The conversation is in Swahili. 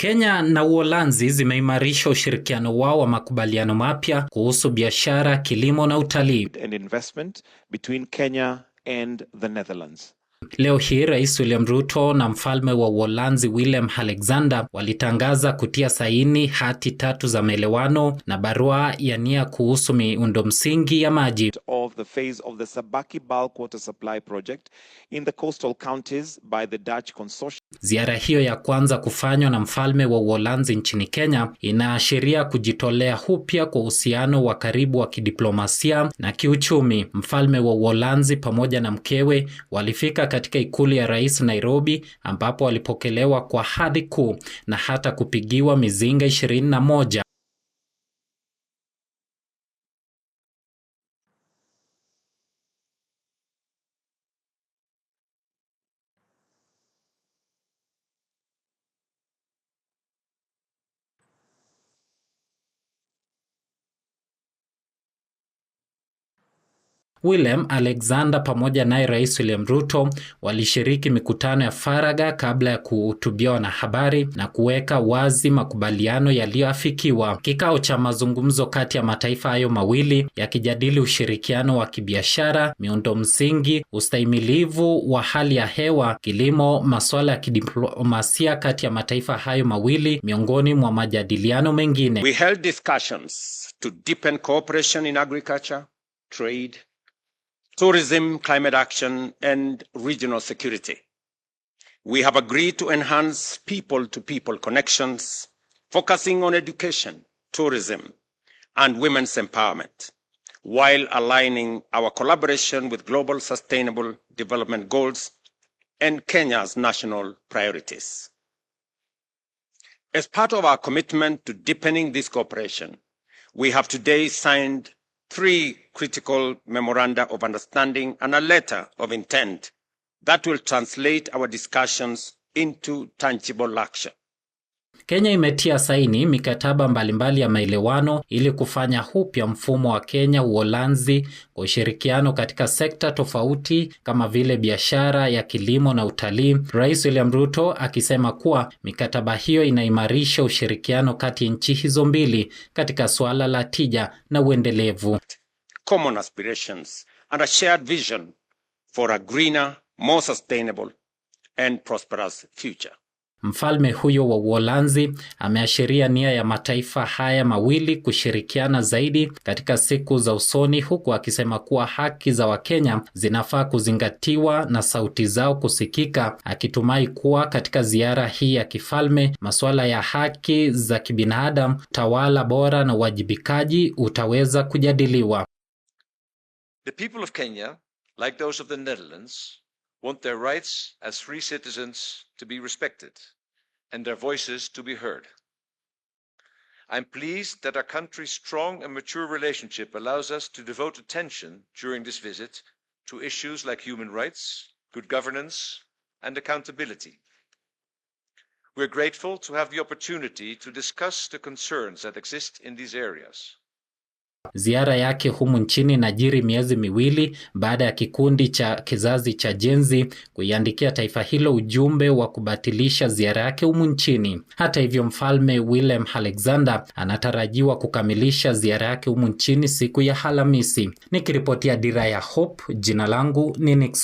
Kenya na Uholanzi zimeimarisha ushirikiano wao wa makubaliano mapya kuhusu biashara, kilimo na utalii. Leo hii Rais William Ruto na mfalme wa Uholanzi Willem Alexander walitangaza kutia saini hati tatu za maelewano na barua ya nia kuhusu miundo msingi ya maji of the phase of the Sabaki Bulk Water Supply Project in the coastal counties by the Dutch consortium. Ziara hiyo ya kwanza kufanywa na mfalme wa Uholanzi nchini Kenya inaashiria kujitolea upya kwa uhusiano wa karibu wa kidiplomasia na kiuchumi. Mfalme wa Uholanzi pamoja na mkewe walifika katika ikulu ya rais Nairobi, ambapo walipokelewa kwa hadhi kuu na hata kupigiwa mizinga 21. William Alexander pamoja naye Rais William Ruto walishiriki mikutano ya faraga kabla ya kuhutubia wanahabari na kuweka wazi makubaliano yaliyoafikiwa. Kikao cha mazungumzo kati ya mataifa hayo mawili yakijadili ushirikiano wa kibiashara, miundo msingi, ustahimilivu wa hali ya hewa, kilimo, masuala ya kidiplomasia kati ya mataifa hayo mawili miongoni mwa majadiliano mengine. We held discussions to deepen cooperation in agriculture, trade tourism, climate action, and regional security. We have agreed to enhance people-to-people -people connections, focusing on education, tourism, and women's empowerment, while aligning our collaboration with global sustainable development goals and Kenya's national priorities. As part of our commitment to deepening this cooperation, we have today signed three critical memoranda of understanding and a letter of intent that will translate our discussions into tangible action. Kenya imetia saini mikataba mbalimbali ya maelewano ili kufanya upya mfumo wa Kenya Uholanzi kwa ushirikiano katika sekta tofauti kama vile biashara ya kilimo na utalii, Rais William Ruto akisema kuwa mikataba hiyo inaimarisha ushirikiano kati ya nchi hizo mbili katika suala la tija na uendelevu. Common aspirations and a shared vision for a greener, more sustainable and prosperous future. Mfalme huyo wa Uholanzi ameashiria nia ya mataifa haya mawili kushirikiana zaidi katika siku za usoni, huku akisema kuwa haki za Wakenya zinafaa kuzingatiwa na sauti zao kusikika, akitumai kuwa katika ziara hii ya kifalme masuala ya haki za kibinadamu, tawala bora na uwajibikaji utaweza kujadiliwa. The people of Kenya, like those of the Netherlands, want their rights as free citizens to be respected and their voices to be heard. I'm pleased that our country's strong and mature relationship allows us to devote attention during this visit to issues like human rights, good governance, and accountability. We're grateful to have the opportunity to discuss the concerns that exist in these areas Ziara yake humu nchini inajiri miezi miwili baada ya kikundi cha kizazi cha Gen Z kuiandikia taifa hilo ujumbe wa kubatilisha ziara yake humu nchini. Hata hivyo, Mfalme William Alexander anatarajiwa kukamilisha ziara yake humu nchini siku ya Alhamisi. Nikiripotia Dira ya Hope, jina langu ni Nixon